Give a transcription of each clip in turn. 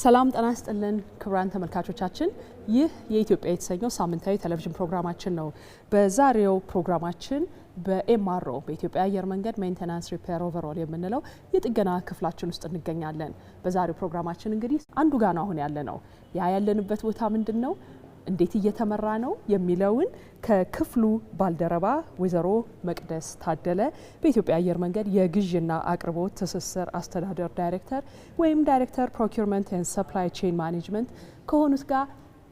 ሰላም ጤና ይስጥልን ክቡራን ተመልካቾቻችን፣ ይህ የኢትዮጵያ የተሰኘው ሳምንታዊ ቴሌቪዥን ፕሮግራማችን ነው። በዛሬው ፕሮግራማችን በኤምአርኦ በኢትዮጵያ አየር መንገድ ሜንቴናንስ ሪፔር ኦቨሮል የምንለው የጥገና ክፍላችን ውስጥ እንገኛለን። በዛሬው ፕሮግራማችን እንግዲህ አንዱ ጋር ነው አሁን ያለ ነው። ያ ያለንበት ቦታ ምንድን ነው? እንዴት እየተመራ ነው የሚለውን ከክፍሉ ባልደረባ ወይዘሮ መቅደስ ታደለ በኢትዮጵያ አየር መንገድ የግዥና አቅርቦት ትስስር አስተዳደር ዳይሬክተር ወይም ዳይሬክተር ፕሮኪርመንት ኤንድ ሰፕላይ ቼን ማኔጅመንት ከሆኑት ጋር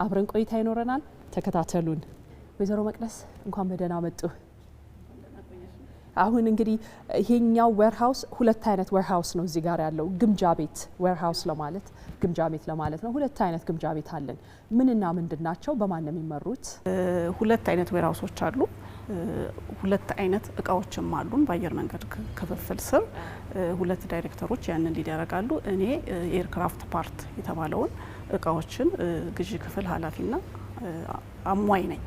አብረን ቆይታ ይኖረናል። ተከታተሉን። ወይዘሮ መቅደስ እንኳን በደህና መጡ። አሁን እንግዲህ ይሄኛው ዌርሃውስ ሁለት አይነት ዌርሃውስ ነው እዚህ ጋር ያለው ግምጃ ቤት ዌርሃውስ ለማለት ግምጃ ቤት ለማለት ነው። ሁለት አይነት ግምጃ ቤት አለን። ምንና ምንድን ናቸው? በማን ነው የሚመሩት? ሁለት አይነት ዌርሃውሶች አሉ። ሁለት አይነት እቃዎችም አሉን። በአየር መንገድ ክፍፍል ስር ሁለት ዳይሬክተሮች ያንን ይደረጋሉ። እኔ የኤርክራፍት ፓርት የተባለውን እቃዎችን ግዢ ክፍል ኃላፊና አሟይ ነኝ።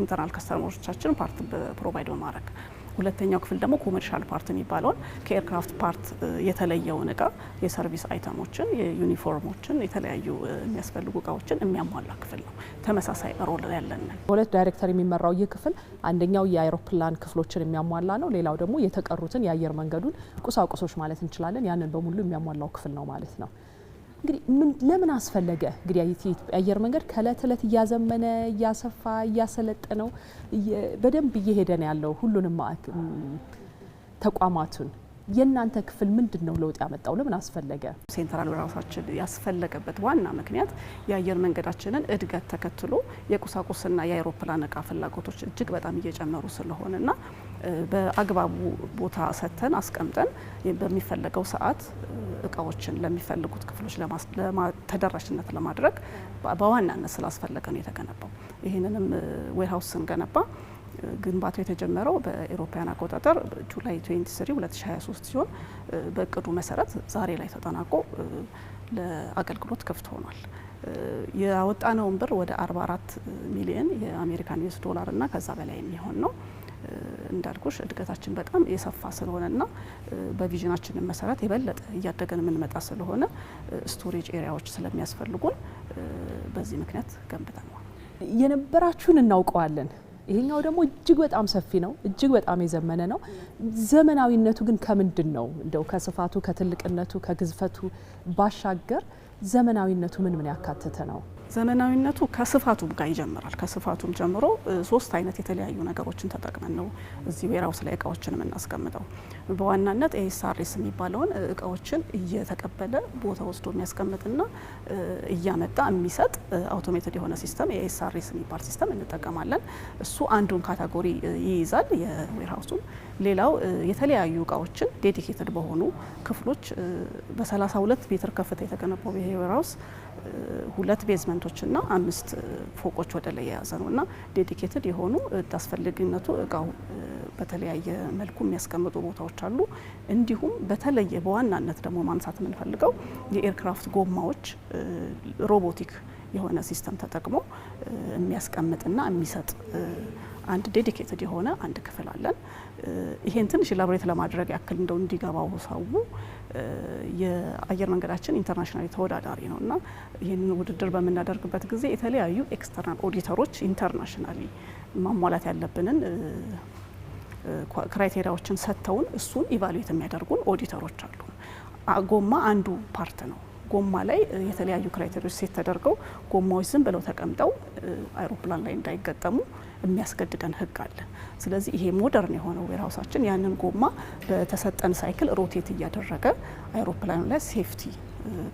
ኢንተርናል ከስተመሮቻችን ፓርት ፕሮቫይድ በማድረግ ሁለተኛው ክፍል ደግሞ ኮመርሻል ፓርት የሚባለውን ከኤርክራፍት ፓርት የተለየውን እቃ የሰርቪስ አይተሞችን፣ የዩኒፎርሞችን፣ የተለያዩ የሚያስፈልጉ እቃዎችን የሚያሟላ ክፍል ነው። ተመሳሳይ ሮል ያለንን በሁለት ዳይሬክተር የሚመራው ይህ ክፍል አንደኛው የአይሮፕላን ክፍሎችን የሚያሟላ ነው። ሌላው ደግሞ የተቀሩትን የአየር መንገዱን ቁሳቁሶች ማለት እንችላለን ያንን በሙሉ የሚያሟላው ክፍል ነው ማለት ነው። እንግዲህ ምን ለምን አስፈለገ እንግዲህ አየር መንገድ ከእለት እለት እያዘመነ እያሰፋ እያሰለጠነው በደንብ እየሄደ ነው ያለው ሁሉንም ተቋማቱን የእናንተ ክፍል ምንድን ነው ለውጥ ያመጣው? ለምን አስፈለገ? ሴንትራል ዌርሃውሳችን ያስፈለገበት ዋና ምክንያት የአየር መንገዳችንን እድገት ተከትሎ የቁሳቁስና የአይሮፕላን እቃ ፍላጎቶች እጅግ በጣም እየጨመሩ ስለሆነና በአግባቡ ቦታ ሰጥተን አስቀምጠን በሚፈለገው ሰዓት እቃዎችን ለሚፈልጉት ክፍሎች ተደራሽነት ለማድረግ በዋናነት ስላስፈለገ ነው የተገነባው። ይህንንም ዌርሃውስ ስንገነባ ግንባታው የተጀመረው በኤሮፓያን አቆጣጠር ጁላይ 23 2023 ሲሆን በእቅዱ መሰረት ዛሬ ላይ ተጠናቆ ለአገልግሎት ክፍት ሆኗል። ያወጣነውን ብር ወደ 44 ሚሊዮን የአሜሪካን ዩኤስ ዶላር እና ከዛ በላይ የሚሆን ነው። እንዳልኩሽ እድገታችን በጣም የሰፋ ስለሆነና በቪዥናችን መሰረት የበለጠ እያደገን የምንመጣ ስለሆነ ስቶሬጅ ኤሪያዎች ስለሚያስፈልጉን በዚህ ምክንያት ገንብተነዋል። የነበራችሁን እናውቀዋለን። ይሄኛው ደግሞ እጅግ በጣም ሰፊ ነው፣ እጅግ በጣም የዘመነ ነው። ዘመናዊነቱ ግን ከምንድን ነው? እንደው ከስፋቱ ከትልቅነቱ ከግዝፈቱ ባሻገር ዘመናዊነቱ ምን ምን ያካተተ ነው? ዘመናዊነቱ ከስፋቱም ጋር ይጀምራል። ከስፋቱም ጀምሮ ሶስት አይነት የተለያዩ ነገሮችን ተጠቅመን ነው እዚህ ዌራውስ ላይ እቃዎችን የምናስቀምጠው። በዋናነት ኤስአርኤስ የሚባለውን እቃዎችን እየተቀበለ ቦታ ወስዶ የሚያስቀምጥና እያመጣ የሚሰጥ አውቶሜትድ የሆነ ሲስተም የኤስአርኤስ የሚባል ሲስተም እንጠቀማለን። እሱ አንዱን ካታጎሪ ይይዛል የዌርሃውሱን። ሌላው የተለያዩ እቃዎችን ዴዲኬትድ በሆኑ ክፍሎች በ32 ሜትር ከፍታ የተገነባው ይሄ ዌርሃውስ ሁለት ቤዝመንት አፓርትመንቶች አምስት ፎቆች ወደ ላይ የያዘ ነው እና ዴዲኬትድ የሆኑ እንዳስፈላጊነቱ እቃው በተለያየ መልኩ የሚያስቀምጡ ቦታዎች አሉ። እንዲሁም በተለየ በዋናነት ደግሞ ማንሳት የምንፈልገው የኤርክራፍት ጎማዎች ሮቦቲክ የሆነ ሲስተም ተጠቅሞ የሚያስቀምጥና የሚሰጥ አንድ ዴዲኬትድ የሆነ አንድ ክፍል አለን። ይሄን ትንሽ ላብሬት ለማድረግ ያክል እንደው እንዲገባው ሰው የአየር መንገዳችን ኢንተርናሽናል ተወዳዳሪ ነው እና ይህንን ውድድር በምናደርግበት ጊዜ የተለያዩ ኤክስተርናል ኦዲተሮች ኢንተርናሽናሊ ማሟላት ያለብንን ክራይቴሪያዎችን ሰጥተውን እሱን ኢቫሉዌት የሚያደርጉን ኦዲተሮች አሉ። ጎማ አንዱ ፓርት ነው። ጎማ ላይ የተለያዩ ክራይቴሪያዎች ሴት ተደርገው ጎማዎች ዝም ብለው ተቀምጠው አይሮፕላን ላይ እንዳይገጠሙ የሚያስገድደን ህግ አለ። ስለዚህ ይሄ ሞደርን የሆነው ዌርሃውሳችን ያንን ጎማ በተሰጠን ሳይክል ሮቴት እያደረገ አይሮፕላኑ ላይ ሴፍቲ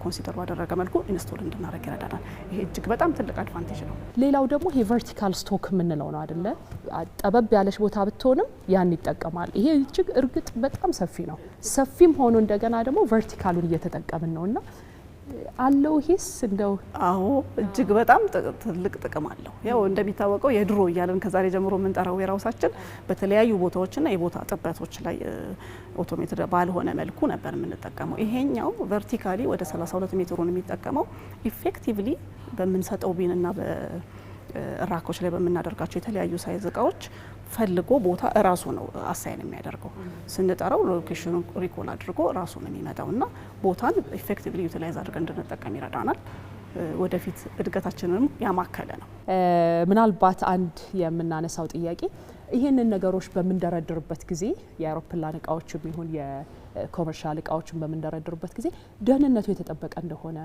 ኮንሲደር ባደረገ መልኩ ኢንስቶል እንድናደረግ ይረዳናል። ይሄ እጅግ በጣም ትልቅ አድቫንቴጅ ነው። ሌላው ደግሞ ይሄ ቨርቲካል ስቶክ የምንለው ነው አደለ? ጠበብ ያለች ቦታ ብትሆንም ያን ይጠቀማል። ይሄ እጅግ እርግጥ በጣም ሰፊ ነው። ሰፊም ሆኖ እንደገና ደግሞ ቨርቲካሉን እየተጠቀምን ነው እና አለው ሂስ እንደው አዎ እጅግ በጣም ትልቅ ጥቅም አለው። ያው እንደሚታወቀው የድሮ እያለን ከዛሬ ጀምሮ የምንጠራው የራውሳችን በተለያዩ ቦታዎችና የቦታ ጥበቶች ላይ ኦቶሜትድ ባልሆነ መልኩ ነበር የምንጠቀመው። ይሄኛው ቨርቲካሊ ወደ 32 ሜትሩን የሚጠቀመው ኢፌክቲቭሊ በምንሰጠው ቢንና ራኮች ላይ በምናደርጋቸው የተለያዩ ሳይዝ እቃዎች ፈልጎ ቦታ እራሱ ነው አሳይን የሚያደርገው። ስንጠራው ሎኬሽኑ ሪኮል አድርጎ እራሱ ነው የሚመጣው እና ቦታን ኢፌክቲቭሊ ዩቲላይዝ አድርገን እንድንጠቀም ይረዳናል። ወደፊት እድገታችንንም ያማከለ ነው። ምናልባት አንድ የምናነሳው ጥያቄ ይህንን ነገሮች በምንደረድርበት ጊዜ የአውሮፕላን እቃዎችም ይሁን የኮመርሻል እቃዎችን በምንደረድርበት ጊዜ ደህንነቱ የተጠበቀ እንደሆነ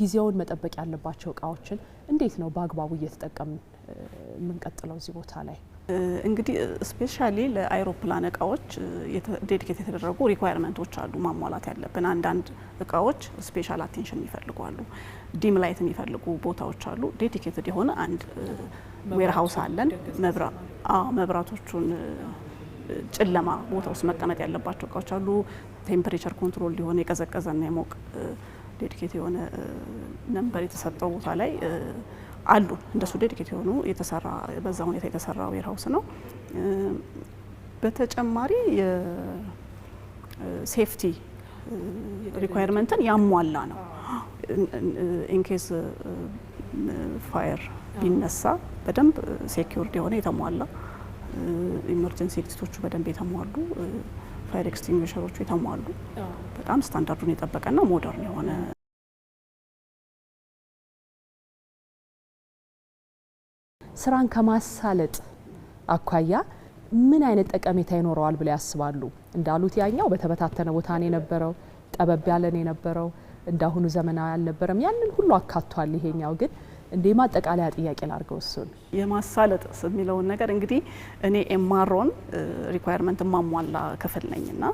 ጊዜውን መጠበቅ ያለባቸው እቃዎችን እንዴት ነው በአግባቡ እየተጠቀምን የምንቀጥለው እዚህ ቦታ ላይ? እንግዲህ ስፔሻሊ ለአይሮፕላን እቃዎች ዴዲኬት የተደረጉ ሪኳየርመንቶች አሉ ማሟላት ያለብን። አንዳንድ እቃዎች ስፔሻል አቴንሽን ይፈልጓሉ፣ ዲም ላይት የሚፈልጉ ቦታዎች አሉ። ዴዲኬትድ የሆነ አንድ ዌርሃውስ አለን። መብራቶቹን ጨለማ ቦታ ውስጥ መቀመጥ ያለባቸው እቃዎች አሉ። ቴምፕሬቸር ኮንትሮል ሊሆን የቀዘቀዘና የሞቅ ዴዲኬት የሆነ ነንበር የተሰጠው ቦታ ላይ አሉ። እንደሱ ዴዲኬት የሆኑ የተሰራ በዛ ሁኔታ የተሰራ ዌርሀውስ ነው። በተጨማሪ የሴፍቲ ሪኳየርመንትን ያሟላ ነው። ኢንኬስ ፋየር ቢነሳ በደንብ ሴኪሪቲ የሆነ የተሟላ ኢመርጀንሲ ኤግዚቶቹ በደንብ የተሟሉ ፋይር ኤክስቲንግሸሮቹ የተሟሉ በጣም ስታንዳርዱን የጠበቀና ሞደርን የሆነ ስራን ከማሳለጥ አኳያ ምን አይነት ጠቀሜታ ይኖረዋል ብለው ያስባሉ? እንዳሉት ያኛው በተበታተነ ቦታ ነው የነበረው፣ ጠበብ ያለ ነው የነበረው፣ እንዳሁኑ ዘመናዊ አልነበረም። ያንን ሁሉ አካቷል። ይሄኛው ግን እንደ ማጠቃለያ ጥያቄ ላድርገው። እሱን የማሳለጥ የሚለውን ነገር እንግዲህ እኔ ኤማሮን ሪኳየርመንት ማሟላ ክፍል ነኝ እና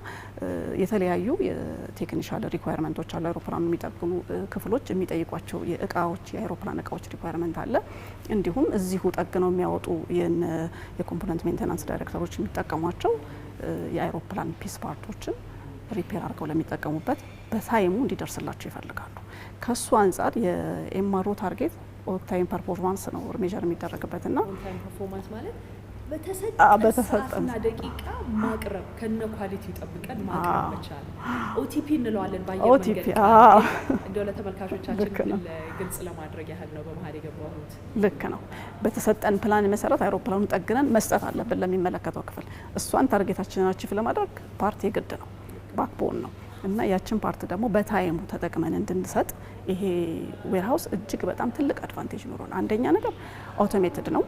የተለያዩ የቴክኒሻል ሪኳየርመንቶች አሉ። አይሮፕላኑ የሚጠግኑ ክፍሎች የሚጠይቋቸው የእቃዎች የአይሮፕላን እቃዎች ሪኳየርመንት አለ። እንዲሁም እዚሁ ጠግነው የሚያወጡ የኮምፖነንት ሜንቴናንስ ዳይሬክተሮች የሚጠቀሟቸው የአይሮፕላን ፒስ ፓርቶችን ሪፔር አድርገው ለሚጠቀሙበት በታይሙ እንዲደርስላቸው ይፈልጋሉ። ከሱ አንጻር የኤማሮ ታርጌት ኦንታይም ፐርፎርማንስ ነው ሜዥር የሚደረግበት ና በተሰጠን ደቂቃ ማቅረብ ከነ ኳሊቲ ጠብቀን ማቅረብ መቻል ኦቲፒ እንለዋለን። ባየር መንገድ እንዲያው ለተመልካቾቻችን ግልጽ ለማድረግ ያህል ነው በመሀል የገባሁት። ልክ ነው። በተሰጠን ፕላን መሰረት አይሮፕላኑ ጠግነን መስጠት አለብን ለሚመለከተው ክፍል። እሷን ታርጌታችንን አቺፍ ለማድረግ ፓርቲ የግድ ነው፣ ባክቦን ነው። እና ያችን ፓርት ደግሞ በታይሙ ተጠቅመን እንድንሰጥ ይሄ ዌርሃውስ እጅግ በጣም ትልቅ አድቫንቴጅ ኖሮን፣ አንደኛ ነገር አውቶሜትድ ነው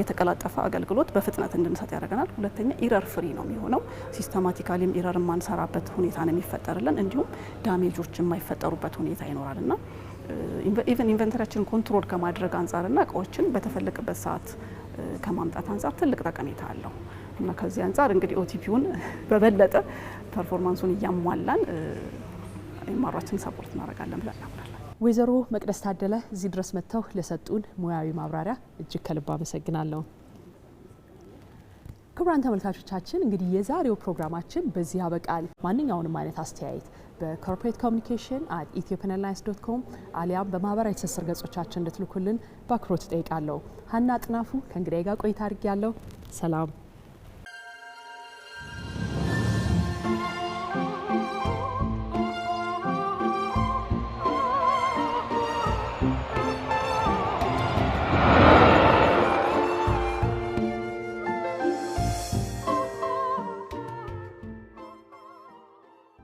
የተቀላጠፈ አገልግሎት በፍጥነት እንድንሰጥ ያደርገናል። ሁለተኛ ኢረር ፍሪ ነው የሚሆነው። ሲስተማቲካሊም ኢረር የማንሰራበት ሁኔታ ነው የሚፈጠርልን፣ እንዲሁም ዳሜጆች የማይፈጠሩበት ሁኔታ ይኖራል እና ኢቨን ኢንቨንተሪያችን ኮንትሮል ከማድረግ አንጻርና እቃዎችን በተፈለገበት ሰዓት uh, ከማምጣት አንጻር ትልቅ ጠቀሜታ አለው እና ከዚህ አንጻር እንግዲህ ኦቲፒውን በበለጠ ፐርፎርማንሱን እያሟላን ኤምአሯችን ሰፖርት እናደርጋለን ብለን እናምናለን። ወይዘሮ መቅደስ ታደለ እዚህ ድረስ መጥተው ለሰጡን ሙያዊ ማብራሪያ እጅግ ከልብ አመሰግናለሁ። ክቡራን ተመልካቾቻችን እንግዲህ የዛሬው ፕሮግራማችን በዚህ ያበቃል። ማንኛውንም አይነት አስተያየት በኮርፖሬት ኮሚኒኬሽን አት ኢትዮጵያን ኤርላይንስ ዶት ኮም አሊያም በማህበራዊ ትስስር ገጾቻችን እንድትልኩልን በአክብሮት እጠይቃለሁ። ሀና ጥናፉ ከእንግዳዬ ጋር ቆይታ አድርጌያለሁ። ሰላም።